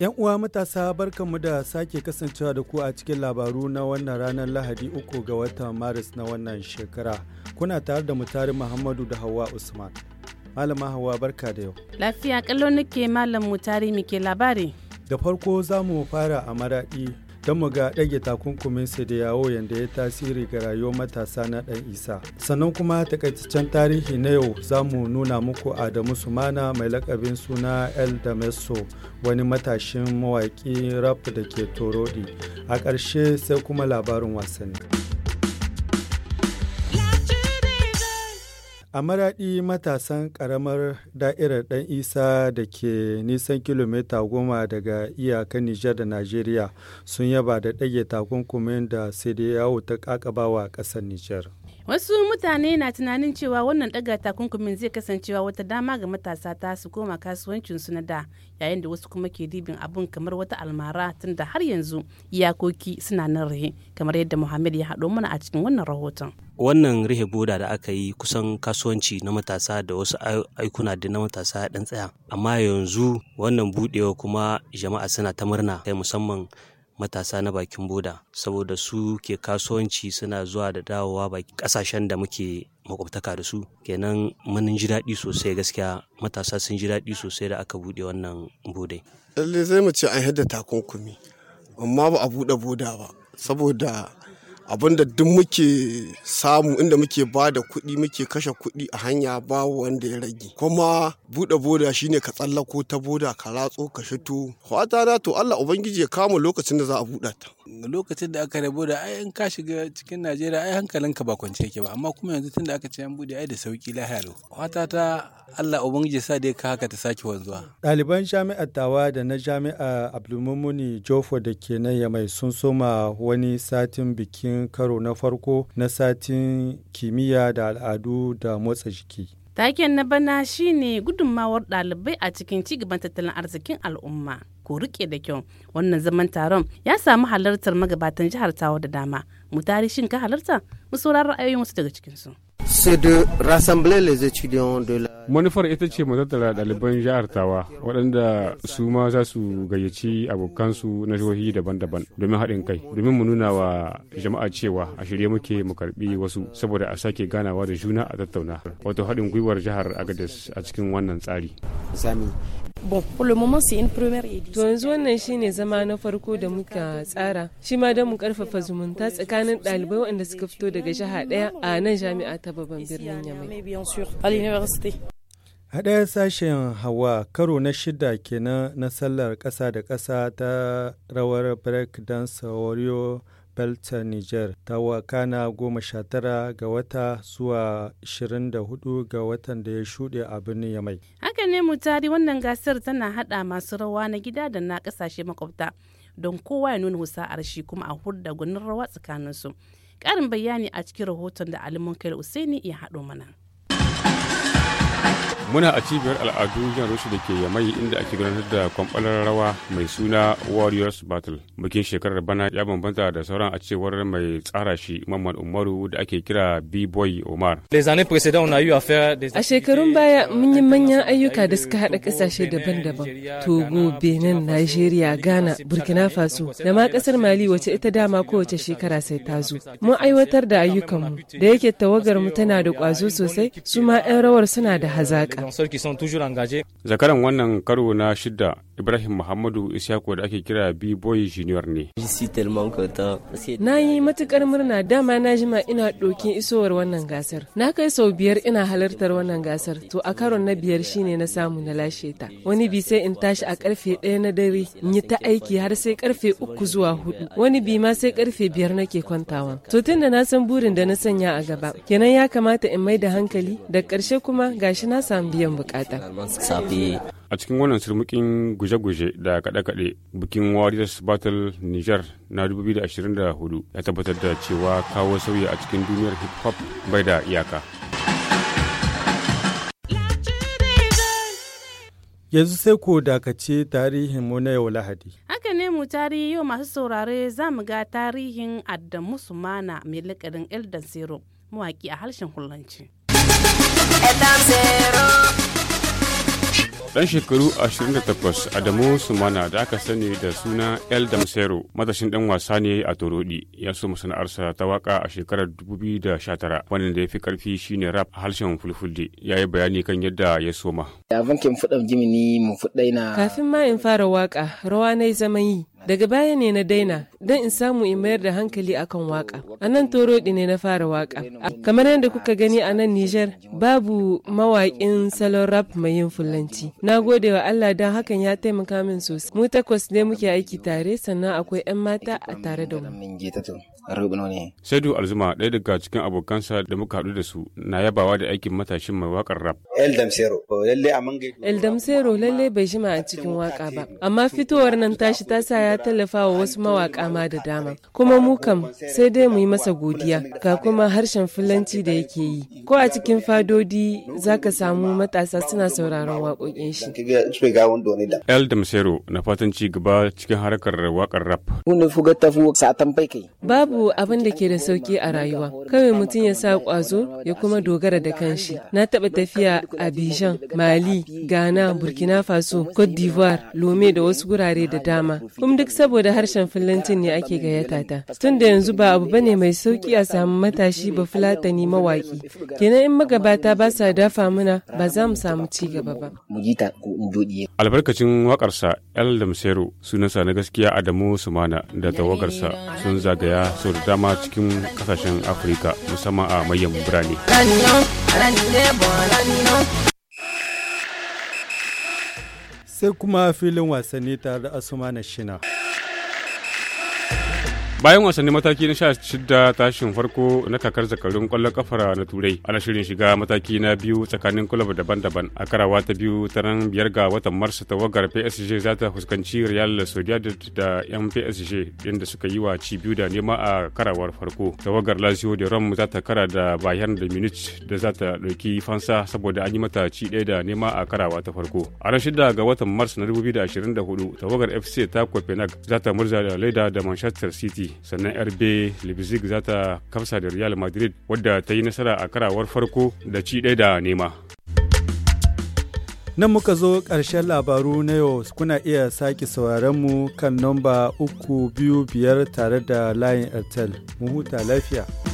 'Yan uwa matasa barkanmu da sake kasancewa da ku a cikin labaru na wannan ranar Lahadi uku ga watan Maris na wannan shekara. Kuna tare da mutari Muhammadu da Hawa Usman. Malama Hawa barka da yau. Lafiya kallon nake Malam mu Mutari muke labari. Da farko za mu fara a maraɗi don mu ga ɗage takunkumin su da yawo yadda ya tasiri ga rayuwar matasa na ɗan isa sannan kuma takaitaccen tarihi na yau za mu nuna muku adamu sumana mai lakabin suna el dameso wani matashin mawaƙi rap da ke torodi a ƙarshe sai kuma labarin wasanni. A maraɗi matasan ƙaramar da'irar ɗan isa da ke nisan kilomita goma daga iyakan Nijar da Najeriya sun yaba da ɗage takunkumin da sai da yawo ta ƙaƙabawa ƙasar Nijar. Wasu mutane na tunanin cewa wannan ɗaga takunkumin zai kasancewa wata dama ga matasa ta su koma kasuwancinsu na da yayin da wasu kuma ke dibin abun kamar wata almara tunda har yanzu iyakoki suna nan rahe kamar yadda Muhammad ya haɗo mana a cikin wannan rahoton. Wannan rihe boda da aka yi kusan kasuwanci na matasa da wasu aikuna da na matasa ya ɗan tsaya. Amma yanzu wannan buɗewa kuma jama'a suna ta murna kai eh, musamman matasa na bakin boda saboda su ke kasuwanci suna zuwa da dawowa ba kasashen da muke makwabtaka da su kenan mun ji daɗi sosai gaskiya matasa sun ji daɗi sosai da aka buɗe wannan bodai lallai zai mu ce an yadda takunkumi amma ba a buɗe boda ba saboda abinda duk muke samu inda muke ba da kuɗi muke kashe kuɗi a hanya ba wanda ya rage kuma buɗe boda shine ka tsallako ta boda ka ratso ka shito fata na to Allah ubangiji ya kama lokacin da za a buɗa ta lokacin da aka rabo da ai in ka shiga cikin Najeriya ai hankalinka ba kwance yake ba amma kuma yanzu tunda aka ce an buɗe ai da sauki lahalo fata ta Allah Ubangiji sa dai ka haka ta sake wanzuwa. Ɗaliban jami'ar Tawa da na jami'a Abdulmumuni Jofo da ke nan ya mai sun soma wani satin bikin karo na farko na satin kimiyya da al'adu da motsa jiki. Taken na bana shine gudunmawar ɗalibai a cikin cigaban tattalin arzikin al'umma. Ko rike da kyau wannan zaman taron ya samu halartar magabatan jihar Tawa da dama. Mu tari shin ka halarta? Mu ra'ayoyin wasu daga cikinsu. c'est de rassembler les étudiants de la manufar ita ce mu tattara ɗaliban jihar tawa waɗanda su ma za su gayyaci abokansu na jihohi daban-daban domin haɗin kai domin mu nuna wa jama'a cewa a shirye muke mu karɓi wasu saboda a sake ganawa da juna a tattauna wato haɗin gwiwar jihar agadez a cikin wannan tsari bon pour le moment c'est une première édition to yanzu wannan shine zama na farko da muka tsara shi ma don mu karfafa zumunta tsakanin dalibai waɗanda suka fito daga jiha ɗaya a nan jami'a ta babban birnin yamai ɗaya sashen hawa karo na shida kenan na sallar ƙasa da ƙasa ta rawar break dance warrior belta niger ta wakana tara ga wata zuwa 24 ga watan da ya shuɗe a birnin yamai haka ne mutari wannan gasar tana hada masu rawa na gida da na kasashe makwabta don kowa ya nuna wasu arshi kuma a hurda gunin rawa tsakanin su ƙarin bayani a cikin rahoton da alimun kai usaini ya haɗo mana muna a cibiyar al'adu jan rushe da ke yamai inda ake gudanar da kwamfalar rawa mai suna warriors battle bikin shekarar bana ya bambanta da sauran a cewar mai tsara shi mamman umaru da ake kira b-boy omar a shekarun baya euh, mun yi manyan ayyuka da suka haɗa ƙasashe daban-daban togo benin nigeria ghana burkina faso da ma ƙasar mali wace ita dama kowace shekara sai ta zo mun aiwatar da ayyukanmu da yake tawagar mu tana da ƙwazo sosai su ma 'yan rawar suna da hazaƙa dansar toujours engagé zakaran wannan karo na shida Ibrahim Muhammadu ishaku da ake kira B-Boy Junior ne na yi matukar murna dama na jima ina ɗokin isowar wannan gasar na kai sau biyar ina halartar wannan gasar to a karon na biyar shine na samu na lashe ta wani bi sai in tashi a karfe ɗaya na dare in yi ta aiki har sai karfe uku zuwa hudu wani bi ma sai karfe biyar nake kwantawa to tun da na san burin da na sanya a gaba kenan ya kamata in mai da hankali da karshe kuma gashi na samu biyan bukata. A cikin wannan surmukin guje-guje da kaɗe-kaɗe bikin Warriors Battle Niger na 2024 ya tabbatar da cewa kawo sauyi a cikin duniyar hip hop bai da iyaka. Yanzu sai ko dakace mu na yau Lahadi. Haka ne mu tarihi yau masu saurare za mu ga tarihin Adamu Musumana mai lakarin Eldan Zero mawaki a harshen hullanci. dan shekaru 28 Adamu Sumana da aka sani da suna El Damsero matashin dan wasa ne a Torodi ya so masana'arsa ta waka a shekarar 2019 wannan da ya fi karfi shine rap harshen fulfulde ya yi bayani kan yadda ya soma. Kafin ma in fara waka rawa na zaman yi Daga baya ne na daina don in samu in mayar da hankali akan waka. A nan torodi ne na fara waka. Kamar yadda kuka gani a nan Nijar babu mawaƙin salon rap mai yin fulanci. Na gode wa Allah don hakan ya taimaka min sosai. Mu takwas ne muke aiki tare sannan akwai 'yan mata a tare da mu. Shaidu Alzuma ɗaya daga cikin abokansa da muka haɗu da su na yabawa da aikin matashin mai wakar rap. eldam sero lalle bai shima a cikin waka ba. Amma fitowar nan tashi ta sa ya tallafa wa wasu mawaƙa ma da dama. Kuma mu kam sai dai mu yi masa godiya ga kuma harshen Fulanci da yake yi. Ko a cikin fadodi za ka samu matasa suna sauraron waƙoƙin shi. El Damsero na fatan ci gaba cikin harkar waƙar rap. Babu abin da ke da sauki a rayuwa. Kawai mutum ya sa ƙwazo ya kuma dogara da kanshi. Na taɓa tafiya a Bijan, Mali, Ghana, Burkina Faso, Cote d'Ivoire, Lome da wasu gurare da dama. Kuma Duk saboda harshen Filantin ne ake gayyata ta. Tun da yanzu ba abu bane mai sauki a samu matashi ba Fulatani mawaki. Kenan in magabata ba sa dafa muna ba za mu samu ci gaba ba. Albarkacin wakarsa El Damsero sunansa na gaskiya Adamu Sumana da tawagarsa sun zagaya sau da dama cikin kasashen Afirka musamman a mayan birane. sai kuma filin wasanni tare da asuma na shina. bayan wasanni mataki na shida tashin farko na kakar zakarun kwallon kafar na turai ana shirin shiga mataki na biyu tsakanin kulab daban-daban a karawa ta biyu ta ran biyar ga watan mars tawagar psg za ta fuskanci real sociedad da yan psg inda suka yi wa ci biyu da nema a karawar farko tawagar lazio da rom za ta kara da bayan da munich da za ta ɗauki fansa saboda an yi mata ci ɗaya da nema a karawa ta farko a ran shida ga watan mars na 2024 tawagar fc ta copenhagen za ta murza da laida da manchester city sannan rb leipzig za ta kamsa da real madrid wadda ta yi nasara a karawar farko da ci ɗaya da nema nan muka zo ƙarshen labaru na yau kuna iya sake sauraron mu kan nomba uku biyu biyar tare da layin airtel mu huta lafiya